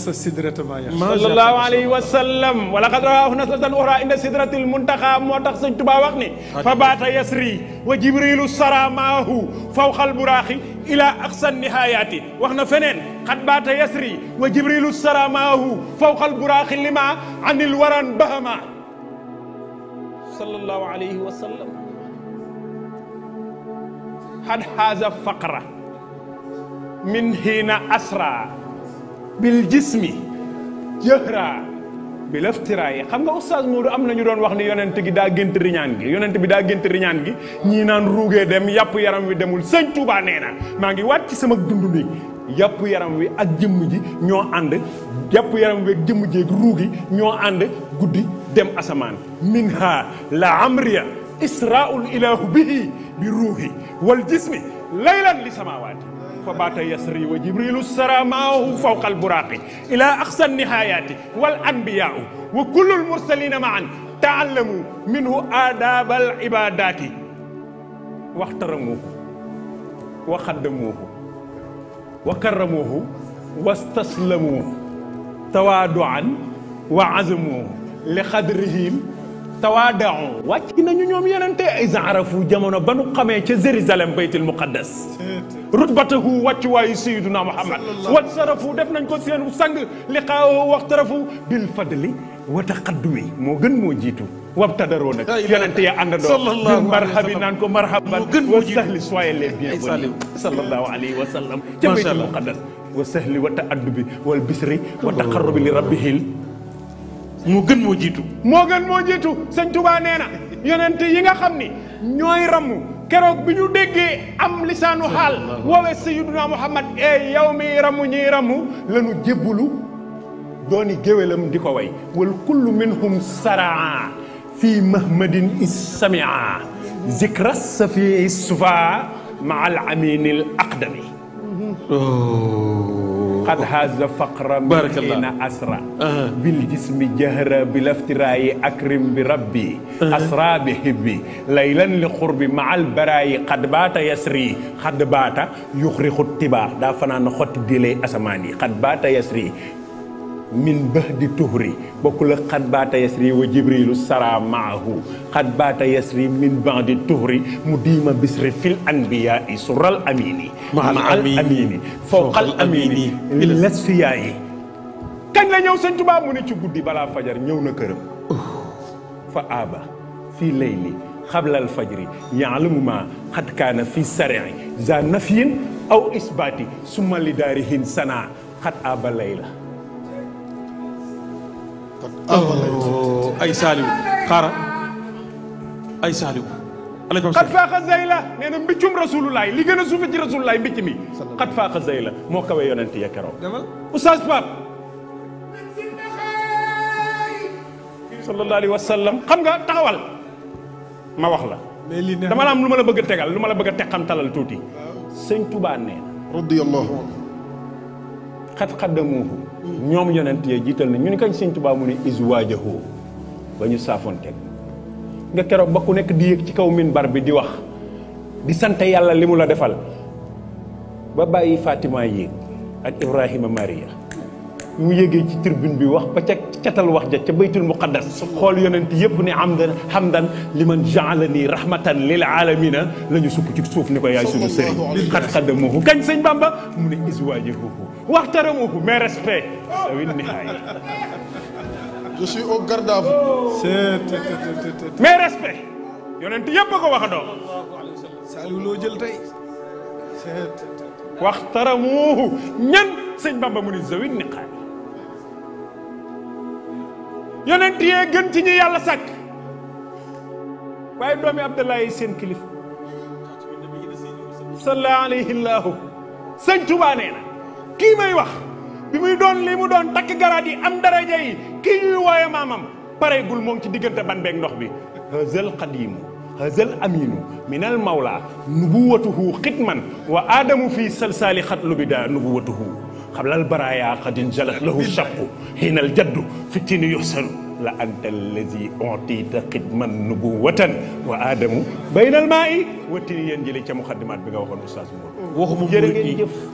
صلى الله عليه وسلم ولقد رواه نسلة أخرى إن سدرة المنتخى موتق سنت باوقني فبات يسري وجبريل سرى معه فوق البراخ إلى أقصى النهاية وحنا فنين قد بات يسري وجبريل سرى معه فوق البراخ لما عن الورن بهما صلى الله عليه وسلم هذا فقرة من هنا أسرى bil jismi jëhraa bi laftiraayi xam nga oustaz Modou am na ñu doon wax ni yonent gi daa gént riñaan gi yonent bi daa gént riñaan gi ñii naan ruugee dem yàpp yaram wi demul sëñ Touba maa ngi wàcc sama dund ni yàpp yaram wi ak jëmm ji ñoo ànd yàpp yaram wi ak jëmm ji ak ruugi ñoo ànd guddi dem asamaan minha la amriya israul ilahu bihi bi ruuhi wal jismi laylan li samaawaati فبات يسري وجبريل سرى معه فوق البراق إلى أقصى النهايات والأنبياء وكل المرسلين معا تعلموا منه آداب العبادات واحترموه وخدموه وكرموه واستسلموه تواضعا وعزموه لقدرهم تتوادعوا واتي نانيو نيوم يننتي اذا عرفوا جامونا بنو خامي تي زيرزالم بيت المقدس رتبته واتي واي سيدنا محمد واتصرفوا ديف نانكو سين سانغ لقاو واخترفوا بالفضل وتقدمي مو گن مو جيتو وابتدروا نك يننتي اندو مرحبا نانكو مرحبا وسهل سوي لي بيان صلى الله عليه وسلم تي بيت المقدس وسهل وتادبي والبسري وتقرب لربه moo gën moo jiitu. moo gën moo jiitu sëñ Touba yonent yi nga xam ni ñooy ramu keroog bi ñu déggee am lisaanu xaal woowee Sayyiduna Muhammad e yow ramu ñiy ramu lañu jébbalu dooni géwélam di ko way wal kullu minhum saraa fii mahmadin issamia zikra safi sufa ma al aminil قد حاز فقر من أسرى أه. بالجسم جهرا بالافتراء أكرم بربي أه. أسرى بهبي ليلا لقرب مع البراي قد بات يسري قد بات يخرق التباع دافنا نخط خط ديلي أسماني قد بات يسري min bëx di tuhri bokkul ak xat baata yasri wa jibrilu sara maahu xat baata yasri min ban di tuhri mu diima bisri fil anbiya i sural amini maal amini fawqal amini lasfiya yi kañ la ñëw sëñ Tuubaa mu ne ci guddi balaa fajar ñëw na këram fa aaba fii layli xablal fajri yaalamu ma xat kaana fii sarin za nafiyin aw isbaati summa li daarihin sana xat aaba layla ay saaliwu xaaral ay saaliwu xat faaxa zay la nee na mbiccum rasululaay li gën a suufe ci rasululaay mbicc mi xat faaxa zay la moo kawe yonent ya keroog oustaz Pape sallallahu alayhi wa sallam xam nga taxawal ma wax la dama la am lu ma la bëgg a tegal lu ma la bëgg a teqamtalal tuuti sëñ Tuubaa nee na radiyallahu anhu xat xaddamuuhu ñoom yonent yee jiital na ñu ni kañ sëñ Tuubaa mu ne is ba ñu saafoonteeg nga keroog ba ku nekk di yëg ci kaw minbar bi di wax di sant yàlla li mu la defal ba bàyyi Fatima yéeg ak Ibrahima Maria mu yéegee ci tribune bi wax ba ca catal wax ja ca baytul muqaddas xool yonent yëpp ne hamdan hamdan liman jaalani rahmatan lil alamina la sukk ci suuf ni ko yaay sunu sëriñ xat xaddamuhu kañ sëñ Bamba mu ne is واحترموه مي ريسبي ذوي النهاية je suis au garde à vous mais respect yonent yëpp a ko wax doo Saliou loo jël ñan sëñ Bamba mu ni zawit ni xaar yee gën ci ñi yàlla sàkk waaye doomi Abdoulaye seen kilif salla alayhi llaahu sëñ kii may wax bi muy doon li mu doon takk garaat yi am daraja yi kii ñuy wooye maamam pareegul moo ngi ci diggante ban beeg ndox bi hazal qadimu hazal aminu min al mawla nubuwatuhu xitman wa aadamu fii salsaali xatlu bi daa nubuwatuhu xablal baraaya xadin jalat lahu shaqu xiinal jaddu fittini yuxsanu la anta allazi ontita xidman nubuwatan wa aadamu baynal maa i wattini yéen jëli ca muqaddimaat bi nga waxoon oustaz Mbour waxuma jërë ngeen jëf